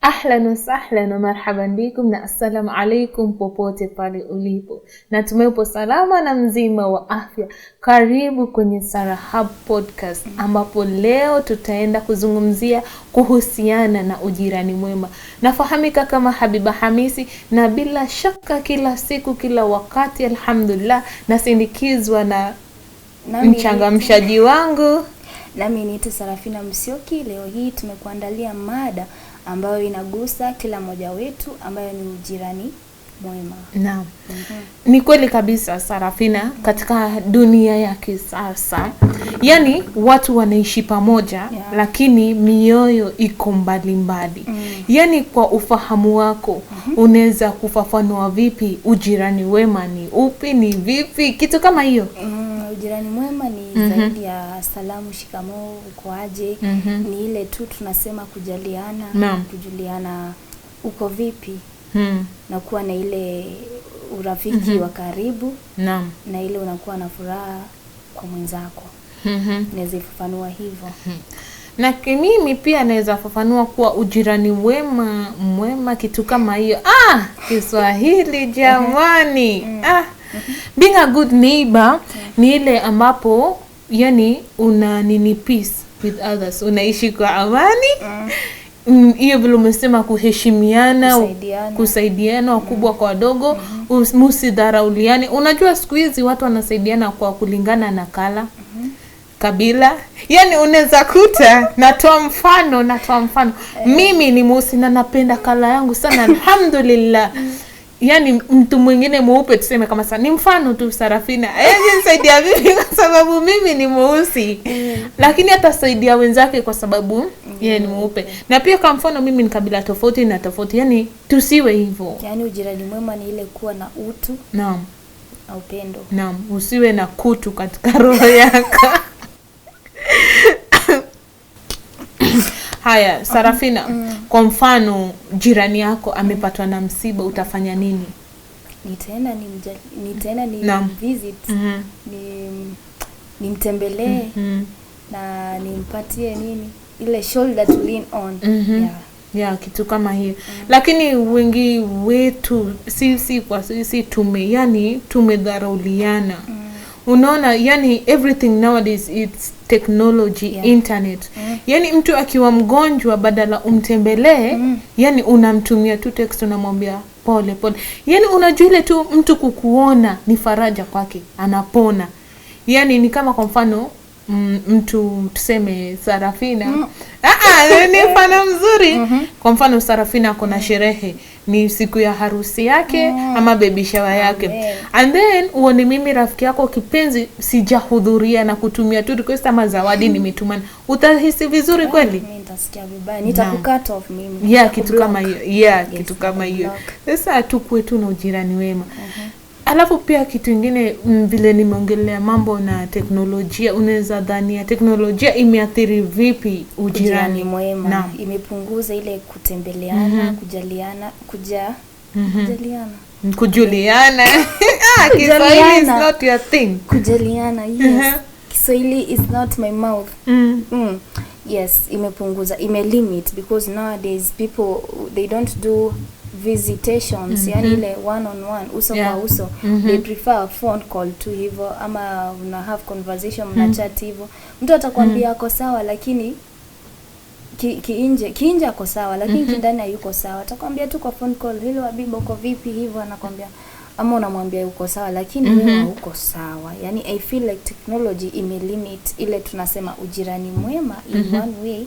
Ahlan wasahlan wamarhaban bikum na assalamu alaikum, popote pale ulipo, natumai upo salama na mzima wa afya. Karibu kwenye Sarahab Podcast, ambapo leo tutaenda kuzungumzia kuhusiana na ujirani mwema. Nafahamika kama Habiba Hamisi, na bila shaka kila siku, kila wakati, alhamdulillah, nasindikizwa na mchangamshaji wangu Nami niite Sarafina Msioki. Leo hii tumekuandalia mada ambayo inagusa kila mmoja wetu, ambayo ni ujirani mwema. Naam. mm -hmm. Ni kweli kabisa Sarafina. mm -hmm. Katika dunia ya kisasa, yaani watu wanaishi pamoja yeah. lakini mioyo iko mbalimbali. mm -hmm. Yaani, kwa ufahamu wako mm -hmm. unaweza kufafanua vipi ujirani wema ni upi, ni vipi, kitu kama hiyo? mm -hmm ujirani mwema ni mm -hmm. zaidi ya salamu, shikamoo, ukoaje. mm -hmm. ni ile tu tunasema kujaliana no. kujuliana uko vipi mm. na kuwa na ile urafiki mm -hmm. wa karibu no. na ile unakuwa na furaha kwa mwenzako mm -hmm. naweza ifafanua hivyo mm -hmm na mimi pia naweza fafanua kuwa ujirani mwema mwema, kitu kama hiyo. Ah, Kiswahili jamani! Mm. ah Being a good neighbor ni ile ambapo yani una nini peace with others, unaishi kwa amani mm. Mm, hiyo mm. Vile umesema kuheshimiana, kusaidiana, wakubwa mm. kwa wadogo mm. Mm-hmm. Usidharauliane. Unajua siku hizi watu wanasaidiana kwa kulingana na kala mm-hmm. kabila, yani unaweza kuta natoa mfano natoa mfano eh. Mimi ni musi na napenda kala yangu sana alhamdulillah mm yani mtu mwingine mweupe tuseme kama sa ni mfano tu Sarafina saidia mimi kwa sababu mimi ni mweusi mm. Lakini atasaidia wenzake kwa sababu mm. yeye ni mweupe, na pia kwa mfano mimi ni kabila tofauti na tofauti, yani tusiwe hivyo. Yani ujirani mwema ni ile kuwa na utu, naam, na upendo, naam, usiwe na kutu katika roho yako Haya, mm, Sarafina, mm. Kwa mfano jirani yako amepatwa na msiba, utafanya nini? Nitaenda ni mja, nitaenda ni na visit mm -hmm. ni nimtembelee mm -hmm. na nimpatie nini ile shoulder to lean on mm -hmm. yeah ya kitu kama hiyo mm. Lakini wengi wetu sisi kwa sisi tume yani tumedharauliana mm. Unaona, yani everything nowadays it's technology yeah. Internet mm. Yani mtu akiwa mgonjwa badala umtembelee mm. Yani unamtumia tu text unamwambia pole pole, yani unajua ile tu mtu kukuona ni faraja kwake, anapona. Yani ni kama kwa mfano mm, mtu tuseme Sarafina mm. Ah, ah, ni mfano mzuri mm -hmm. Kwa mfano Sarafina ako na mm. sherehe ni siku ya harusi yake mm. ama baby shower yake Amen. And then uone mimi rafiki yako kipenzi sijahudhuria na kutumia tu request ama zawadi mm. nimetumana, utahisi vizuri kweli? Nitasikia vibaya, off mimi. Yeah, kitu kama hiyo. Yeah, yes, kitu kama hiyo. Sasa tukue tu na ujirani wema. uh -huh. Alafu pia kitu ingine mm, vile nimeongelea mambo na teknolojia, unaweza dhania teknolojia imeathiri vipi ujirani mwema? Naam. Imepunguza ile kutembeleana, mm -hmm. kujaliana, kuja mm -hmm. kujaliana kujuliana ah, Kiswahili is not your thing. Kujaliana, yes. Mhm. Kiswahili is not my mouth. Mm. Mm. Yes, imepunguza, imelimit because nowadays people they don't do visitations mm -hmm. Yani ile one on one uso yeah. kwa uso mm -hmm. They prefer phone call tu hivyo, ama una have conversation mm -hmm. chat hivyo, mtu atakwambia mm -hmm. ako sawa, lakini kiinje ki kiinje ako sawa, lakini mm -hmm. kindani hayuko sawa. Atakwambia tu kwa phone call, hilo Habiba, uko vipi? Hivyo anakwambia ama unamwambia uko sawa, lakini mm -hmm. hauko sawa. Yani I feel like technology imelimit ile tunasema ujirani mwema in mm -hmm. one way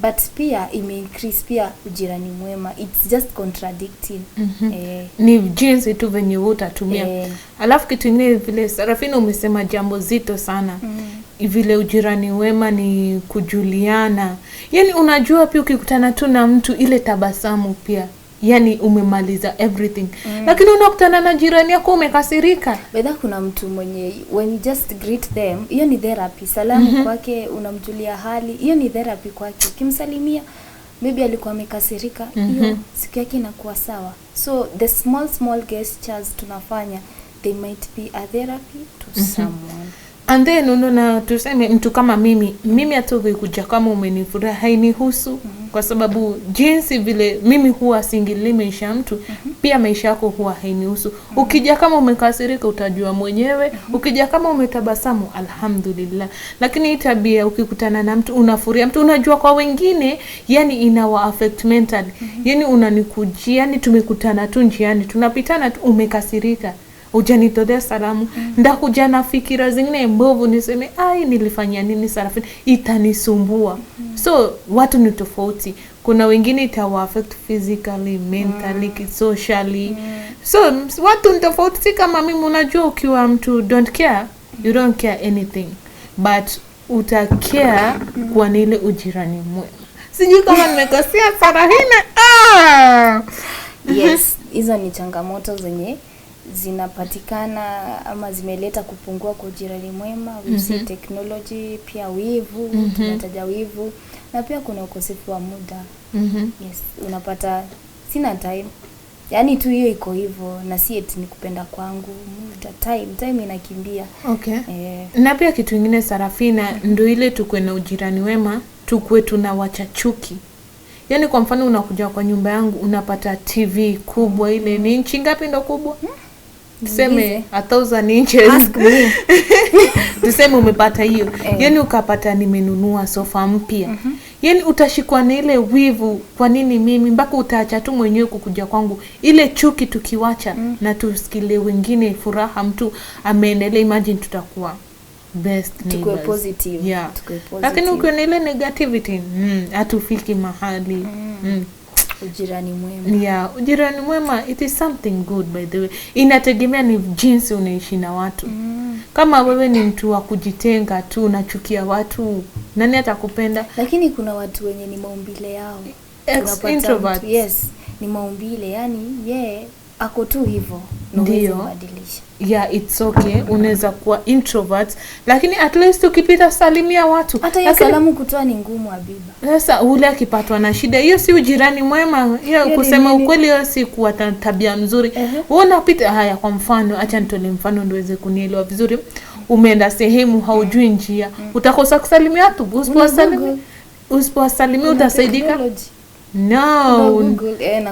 but pia imeincrease pia ujirani mwema it's just contradicting mm -hmm. eh. ni jinsi tu venye utatumia eh. alafu kitu ingine vile Sarafina umesema jambo zito sana mm vile ujirani mwema ni kujuliana yani unajua pia ukikutana tu na mtu ile tabasamu pia yani umemaliza everything mm. Lakini unakutana na jirani yako umekasirika. Bedha, kuna mtu mwenye when you just greet them, hiyo ni therapy. Salamu mm -hmm. kwake unamjulia hali, hiyo ni therapy kwake, ukimsalimia maybe alikuwa amekasirika hiyo -hmm. siku yake inakuwa sawa, so the small small gestures tunafanya they might be a therapy to mm -hmm. someone and then unaona, tuseme mtu kama mimi, mimi hata ukikuja kama umenifurahi hainihusu mm -hmm. kwa sababu jinsi vile mimi huwa singilii maisha ya mtu mm -hmm. pia maisha yako huwa hainihusu mm -hmm. ukija kama umekasirika utajua mwenyewe mm -hmm. ukija kama umetabasamu alhamdulillah. Lakini hii tabia ukikutana na mtu unafuria mtu, unajua kwa wengine yani inawa affect mental mm -hmm. yani unanikujia, yani tumekutana tu njiani tunapitana tu, umekasirika hujanitolea salamu mm. Ndakuja na fikira zingine mbovu, niseme ai, nilifanyia nini Sarafina, itanisumbua mm. So watu ni tofauti, kuna wengine itawaafect physically, mentally mm. socially mm. So watu ni tofauti, si kama mimi. Unajua, ukiwa mtu don't care you don't care anything but utakea mm. kwa nile ujirani mwema. Sijui kama nimekosea Sarafina. Ah! Yes, hizo ni changamoto zenye zinapatikana ama zimeleta kupungua kwa ujirani mwema, mm -hmm. technology pia wivu, mm -hmm. tunataja wivu na pia kuna ukosefu wa muda. mm -hmm. Yes, unapata sina time yaani tu hiyo iko hivyo, na si eti ni kupenda kwangu. Muda time time inakimbia. Okay. E... na pia kitu ingine Sarafina, ndo ile tukuwe na ujirani wema, tukuwe tuna wachachuki Yaani kwa mfano unakuja kwa nyumba yangu unapata TV kubwa ile, ni inchi ngapi ndo kubwa? hmm tuseme tuseme umepata hiyo eh. Yani ukapata nimenunua sofa mpya mm -hmm. Yani utashikwa na ile wivu, kwa nini mimi, mpaka utaacha tu mwenyewe kukuja kwangu. Ile chuki tukiwacha mm. na tusikile wengine furaha, mtu ameendelea, imagine tutakuwa best tukue positive, yeah. Tukue positive. Lakini ukiona ile negativity mm, hatufiki mm, mahali mm. Mm. Ujirani mwema. Yeah, ujirani mwema it is something good by the way. Inategemea ni jinsi unaishi na watu mm. Kama wewe ni mtu wa kujitenga tu, unachukia watu, nani atakupenda? Lakini kuna watu wenye ni maumbile yao Ex introvert. Yes, ni maumbile yani, yeah ako tu hivyo ndio yeah, it's okay. Unaweza kuwa introvert lakini at least ukipita salimia watu. Hata salamu kutoa ni ngumu abiba Sasa ule akipatwa na shida hiyo, si ujirani mwema hiyo, kusema ukweli, hiyo si kuwa tabia mzuri. Uh-huh. Wewe uh -huh. unapita haya, kwa mfano, acha nitolee mfano ndio kunielewa vizuri. Umeenda sehemu haujui njia, mm. utakosa kusalimia watu, usipowasalimia usipowasalimia utasaidika no, eh,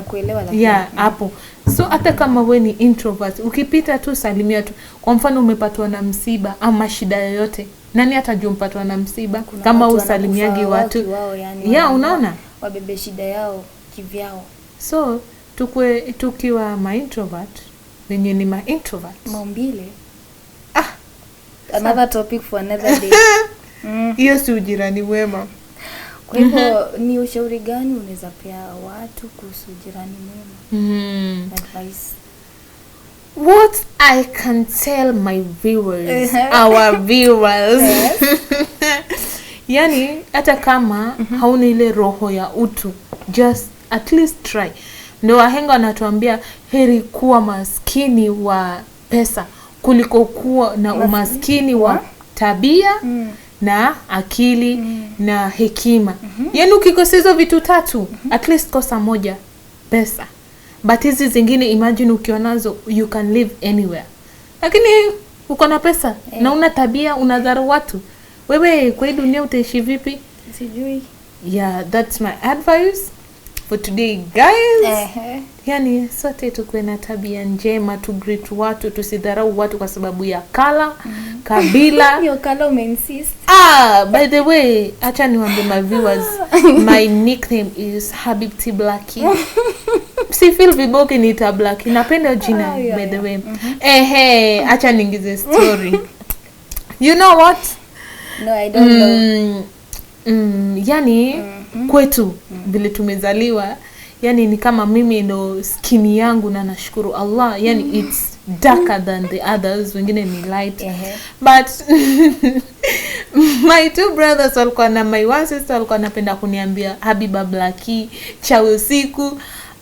mm. hapo So hata kama we ni introvert, ukipita tu salimia tu. Kwa mfano umepatwa na msiba ama shida yoyote, nani atajua mpatwa na msiba Kuna kama usalimiagi watu wao, yani ya unaona wabebe shida yao kivyao. So tukwe tukiwa ma introvert wenye ni ma introvert maumbile, ah, another topic for another day. Mm. Hiyo si ujirani wema. Kwa hivyo mm -hmm. ni ushauri gani unaweza pea watu kuhusu jirani mwema? mm Advice. What I can tell my viewers, uh-huh. our viewers. Yani hata kama mm -hmm. hauna ile roho ya utu, just at least try. Ndio wahenga wanatuambia heri kuwa maskini wa pesa kuliko kuwa na umaskini wa tabia mm na akili mm. na hekima mm -hmm. Yaani ukikosa hizo vitu tatu mm -hmm. at least kosa moja pesa, but hizi zingine imagine ukiwa nazo you can live anywhere, lakini uko na pesa yeah. na eh. una tabia unadharau watu, wewe kwa hii dunia utaishi vipi? Sijui. Yeah, that's my advice for today guys. uh -huh yani sote tukuwe na tabia njema, tu greet watu, tusidharau watu kwa sababu ya kala mm. kabila Yo, kala umeinsist. Ah, by the way, acha niwaambie my viewers my nickname is Habibti Blackie si feel viboki ni tablaki napenda jina oh, yeah, by the way yeah. mm -hmm. Ehe, acha niingize story you know what no, I don't mm, know. Mm, yani mm -hmm. kwetu mm. vile mm -hmm. tumezaliwa yani ni kama mimi ndo skini yangu na nashukuru Allah, yani mm. it's darker than the others, wengine ni light uh -huh. but my two brothers walikuwa na my one sister walikuwa napenda kuniambia Habiba Blackie cha usiku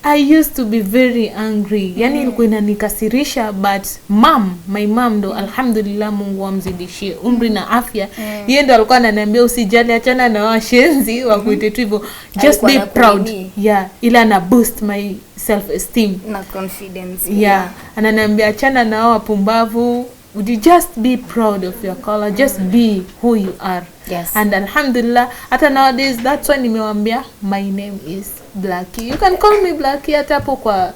I used to be very angry yani, mm. ilikuwa mm. inanikasirisha but mom, my mom ndo alhamdulillah, Mungu amzidishie umri na afya mm. yeye ndo alikuwa ananiambia usijali, achana na washenzi wa mm-hmm. kuite tu hivyo, just be proud yeah, ila na boost my self esteem na confidence yeah, yeah. Ananiambia achana na wao wapumbavu, just be proud of your color, just mm. be who you are Yes. And alhamdulillah hata nowadays that's why nimewaambia my name is Blacky. You can call me Blacky hata hapo kwa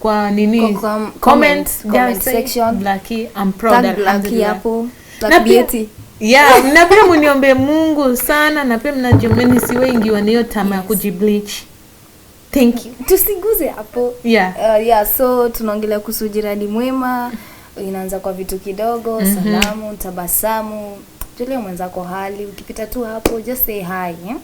kwa nini kwa, kwa, comment, comment section Blacky I'm proud of Blacky Hapo Blacky Yeah, na pia mniombe Mungu sana na pia mnajiomeni siwaingiwa niyo tamaa ya yes, kujibleach. Thank you. Tusiguze hapo. Yeah. Uh, yeah, so tunaongelea kuhusu jirani mwema, inaanza kwa vitu kidogo, mm -hmm. salamu, tabasamu, Julia mwenzako hali, ukipita tu hapo just say hi eh?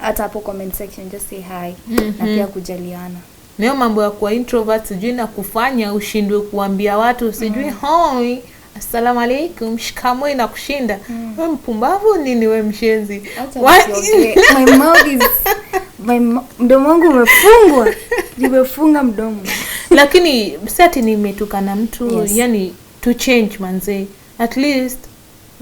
Hata hapo comment section just say hi mm -hmm. Na mhm. pia kujaliana nayo mambo ya kuwa introvert sijui na kufanya ushindwe kuambia watu sijui mm. hoi Assalamu alaikum, shikamo inakushinda. Mm. We mpumbavu nini we mshenzi. My mouth is mdomo wangu umefungwa. Nimefunga mdomo. Lakini sati nimetukana mtu, yes. Yani to change manze. At least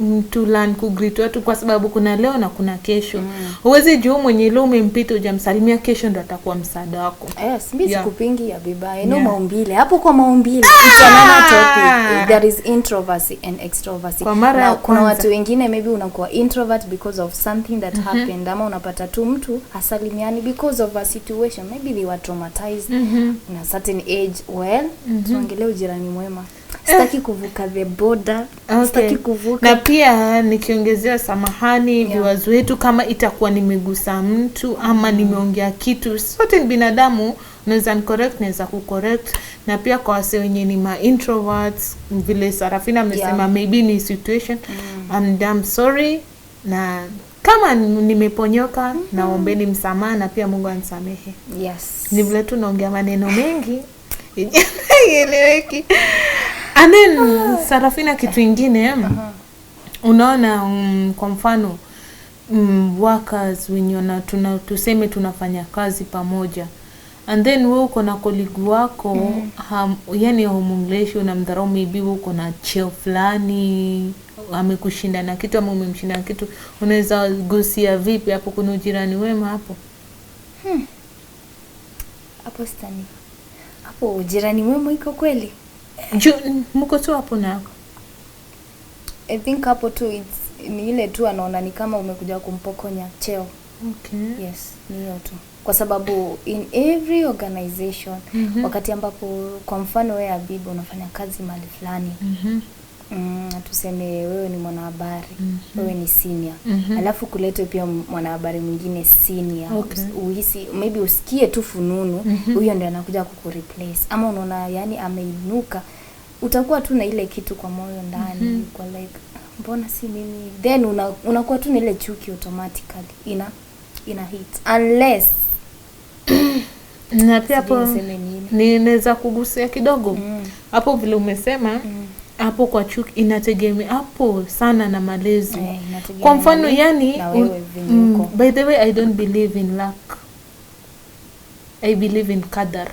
mtu learn ku watu kwa sababu kuna leo na kuna kesho. Mm. Huwezi mm. juu mwenye leo umempita ujamsalimia kesho ndo atakuwa msaada wako. Yes, mimi sikupingi ya bibaya. Yeah. No maumbile. Hapo kwa maumbile it's ah! another topic. Eh, there is introversy and extroversy. Kwa mara na, kuna watu wengine maybe unakuwa introvert because of something that mm -hmm. happened ama unapata tu mtu hasalimiani because of a situation maybe they were traumatized mm -hmm. in a certain age well mm -hmm. tuangelee ujirani mwema sitaki kuvuka the border okay. sitaki kuvuka na pia nikiongezea samahani yeah. viwazi wetu kama itakuwa nimegusa mtu ama mm. nimeongea kitu sote ni binadamu naweza nicorrect naweza kucorrect na pia kwa wase wenye ni ma introverts vile sarafina amesema yeah. maybe ni situation mm. I'm damn sorry na kama nimeponyoka mm -hmm. naombeni msamaha na pia mungu anisamehe yes. ni vile tu naongea maneno mengi ieleweki and then Sarafina, kitu ingine mm, uh-huh. unaona um, kwa mfano um, workers wenye na tuna, tuseme tunafanya kazi pamoja and then we uko na koligu wako mm. ham, yani hamuongeleshwi, unamdharau, maybe we uko na cheo fulani amekushinda na kitu ama umemshinda na kitu, unaweza gusia vipi hapo? Kuna ujirani wema hapo hmm. hapo Stani hapo ujirani wema iko kweli? mko tu hapo nako I think hapo tu it's, ni ile tu anaona ni kama umekuja kumpokonya cheo. Okay. Yes, ni hiyo tu kwa sababu in every organization mm -hmm. Wakati ambapo kwa mfano wewe Habibu unafanya kazi mahali fulani mm -hmm mm, tuseme wewe ni mwanahabari mm -hmm. wewe ni senior mm -hmm. alafu kuletwe pia mwanahabari mwingine senior okay. uhisi maybe usikie tu fununu mhm. huyo mm -hmm. ndio anakuja kukureplace ama unaona yani ameinuka utakuwa tu na ile kitu kwa moyo ndani mm -hmm. kwa like mbona si mimi then una, unakuwa tu na ile chuki automatically ina ina hit unless na pia hapo ninaweza kugusia kidogo mm. hapo mm. vile umesema mm hapo kwa chuki inategemea hapo sana na malezi eh, kwa mfano yani, mm, mm, by the way I don't believe in luck. I believe in qadar.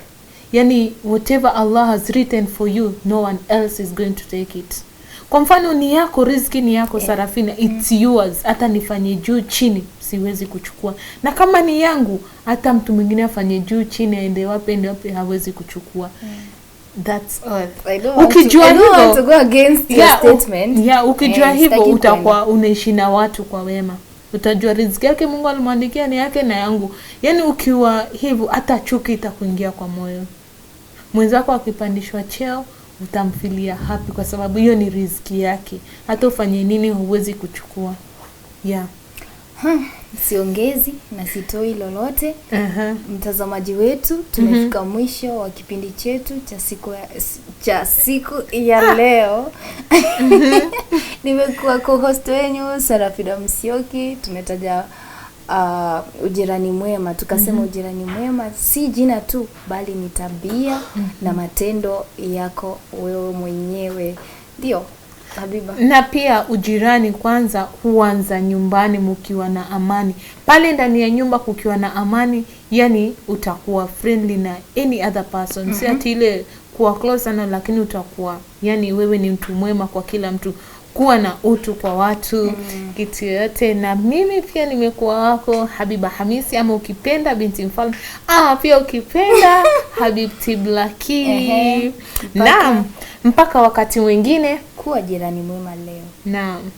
Yani whatever Allah has written for you no one else is going to take it. Kwa mfano ni yako riziki, ni yako yeah. Sarafina, mm. it's mm. yours. Hata nifanye juu chini, siwezi kuchukua, na kama ni yangu, hata mtu mwingine afanye juu chini, aende wapi, ende wapi, hawezi kuchukua mm that's all I don't ukijua want to, I don't want to go against your statement yeah, ukijua hivyo utakuwa unaishi na watu kwa wema utajua riziki yake Mungu alimwandikia ni yake na yangu. Yaani ukiwa hivyo, hata chuki itakuingia kwa moyo. Mwenzako akipandishwa cheo utamfilia hapi kwa sababu hiyo ni riziki yake. Hata ufanye nini, huwezi kuchukua yeah. siongezi na sitoi lolote. uh-huh. Mtazamaji wetu tumefika mhm. mwisho wa kipindi chetu cha siku ya, cha siku ya ah. leo mhm. nimekuwa co-host wenyu Sarafida Msioki. Tumetaja uh, ujirani mwema tukasema, uh-huh. ujirani mwema si jina tu, bali ni tabia uh-huh. na matendo yako wewe mwenyewe ndio Habiba. Na pia ujirani kwanza huanza nyumbani, mkiwa na amani pale ndani ya nyumba, kukiwa na amani, yani utakuwa friendly na any other person mm -hmm. Si mm-hmm. ati ile kuwa close sana, lakini utakuwa yani wewe ni mtu mwema kwa kila mtu, kuwa na utu kwa watu mm. Kitu yoyote. Na mimi pia nimekuwa wako Habiba Hamisi, ama ukipenda Binti Mfalme, ah, pia ukipenda Habib Tiblakiv. Naam mpaka wakati mwingine. Kuwa jirani mwema leo. Naam.